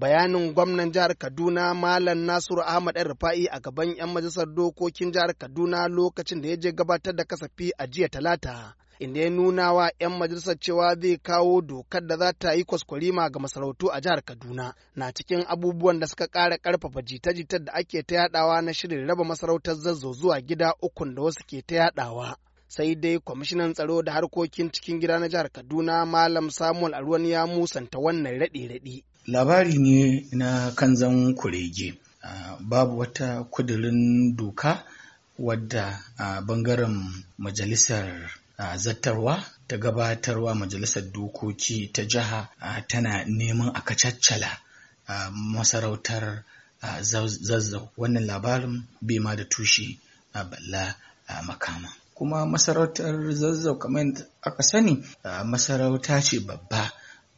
bayanin gwamnan jihar kaduna malam nasiru ahmad yan rufa'i a gaban 'yan majalisar dokokin jihar kaduna lokacin da ya je gabatar da kasafi a jiya talata inda ya nuna wa 'yan majalisar cewa zai kawo dokar da za ta yi kwaskwarima ga masarautu a jihar kaduna na cikin abubuwan da suka ƙara ƙarfafa jita-jitar da ake ta yadawa na shirin raba masarautar zazzau zuwa gida ukun da wasu ke ta yadawa sai dai kwamishinan tsaro da harkokin cikin gida na jihar kaduna malam samuel aruwan ya musanta wannan raɗe-raɗe labari ne na kanzan kurege babu wata kudirin doka wadda a bangaren majalisar zattarwa ta gabatarwa majalisar dokoki ta jiha tana neman a kacaccala masarautar zazzau wannan labarin bai ma da tushe a balla makama kuma masarautar zazzau kamar aka sani masarauta ce babba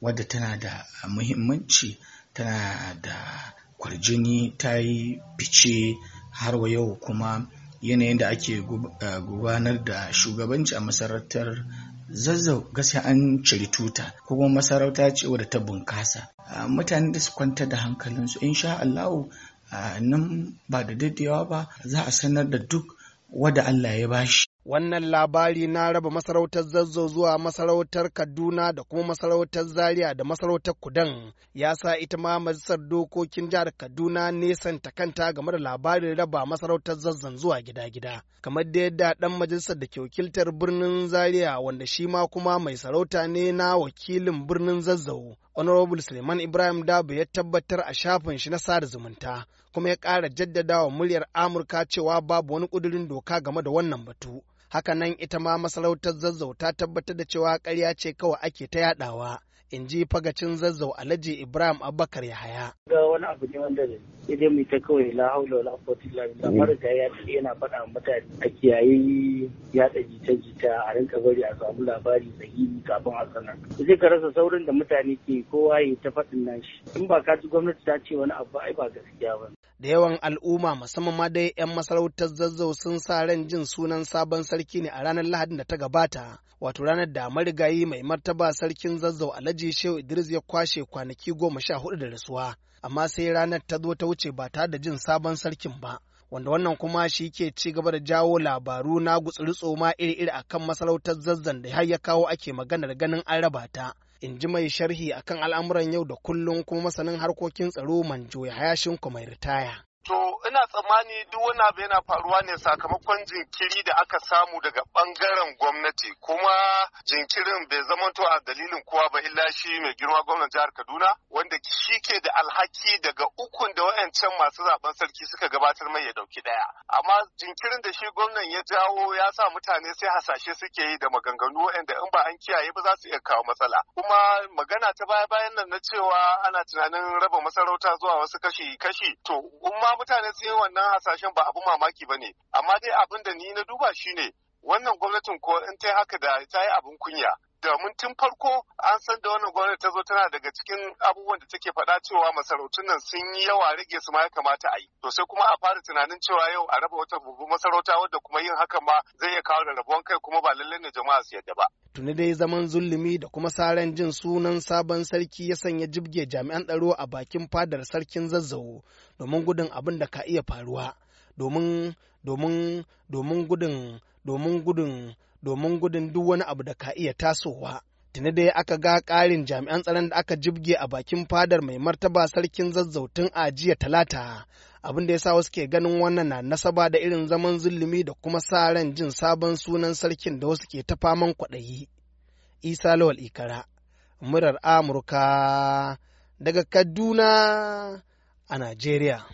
wadda tana da muhimmanci tana da kwarjini ta yi fice har wa yau kuma yanayin da ake eh, gudanar da shugabanci a masarautar zazzau gaskiya an ciri tuta ko kuma masarauta ce wadda ta bunkasa ah, mutane da su kwanta da hankalinsu in sha Allahu ah, nan ba da dadewa ba za a sanar da duk wadda Allah ya bashi Wannan labari na raba masarautar Zazzau zuwa masarautar Kaduna da kuma masarautar Zaria da masarautar Kudan ya sa ita ma majalisar dokokin jihar Kaduna nesan ta kanta game da labarin raba masarautar Zazzan zuwa gida-gida. Kamar da yadda ɗan majalisar da ke wakiltar birnin Zaria wanda shi ma kuma mai sarauta ne na wakilin birnin Zazzau honorable suleiman ibrahim dabu ya tabbatar a shafin shi na sada zumunta kuma ya ƙara jaddadawa muryar amurka cewa babu wani ƙudurin doka game da wannan batu nan ita ma masarautar zazzau ta tabbatar da cewa ƙarya ce kawai ake ta yadawa in ji fagacin zazzau alhaji ibrahim abubakar yahaya ga wani abu ne wanda sai Idan mu ta kawai lahaula haula wala quwwata illa mara mm. da ya yana faɗa mutane a kiyaye ya da jita jita a rinka bari a samu labari sahihi kafin a sanar Zai ka rasa saurin da mutane ke kowa ya ta faɗin nashi in ba ka ji gwamnati ta ce wani abu ai ba gaskiya ba da yawan al'umma musamman ma dai 'yan masarautar zazzau sun sa ran jin sunan sabon sarki ne a ranar lahadin da ta gabata wato ranar da marigayi mai martaba sarkin zazzau alhaji Alhaji Shehu Idris ya kwashe kwanaki goma sha hudu da rasuwa, amma sai ranar ta zo ta wuce ba ta da jin sabon sarkin ba. Wanda wannan kuma shi ke ci gaba da jawo labaru na gutsuri tsoma iri-iri akan masarautar zazzan da har ya kawo ake maganar ganin an raba ta. in ji mai sharhi akan al'amuran yau da kullum kuma masanin harkokin tsaro manjo ya hayashin mai ritaya. to ina tsammani duk wani abu yana faruwa ne sakamakon jinkiri da aka samu daga bangaren gwamnati kuma jinkirin bai zamanto a dalilin kowa ba illa shi mai girma gwamnan jihar kaduna wanda shi ke da alhaki daga ukun da wayancan masu zaben sarki suka gabatar mai ya dauki daya amma jinkirin da shi gwamnan ya jawo ya sa mutane sai hasashe suke yi da maganganu wayanda in ba an kiyaye ba za su iya kawo matsala kuma magana ta baya bayan nan na cewa ana tunanin raba masarauta zuwa wasu kashi kashi to umma mutane sun yi wannan hasashen ba abu mamaki ba ne amma dai abin da ni na duba shine wannan gwamnatin ko in ta haka da ta yi abin kunya domin tun farko an san da wannan gwamnati ta zo tana daga cikin abubuwan da take faɗa cewa masarautun nan sun yi yawa rage su ma ya kamata a yi to sai kuma a fara tunanin cewa yau a raba wata bubu masarauta wadda kuma yin hakan ma zai iya kawo rabuwan kai kuma ba lallai ne jama'a su yadda ba tuni dai zaman zulumi da kuma saran jin sunan sabon sarki ya sanya jibge jami'an tsaro a bakin fadar sarkin zazzau domin gudun abin da ka iya faruwa domin domin domin gudun domin gudun domin gudun duk wani abu da ka iya tasowa. Tuni dai aka ga ƙarin jami'an tsaron da aka jibge a bakin fadar mai martaba sarkin zazzautun ajiya talata. Abin da ya sa wasu ke ganin wannan na nasaba da irin zaman zulumi da kuma sa ran jin sabon sunan sarkin da wasu ke ta faman kwaɗayi. Isa Lawal Ikara, murar Amurka daga Kaduna a Najeriya.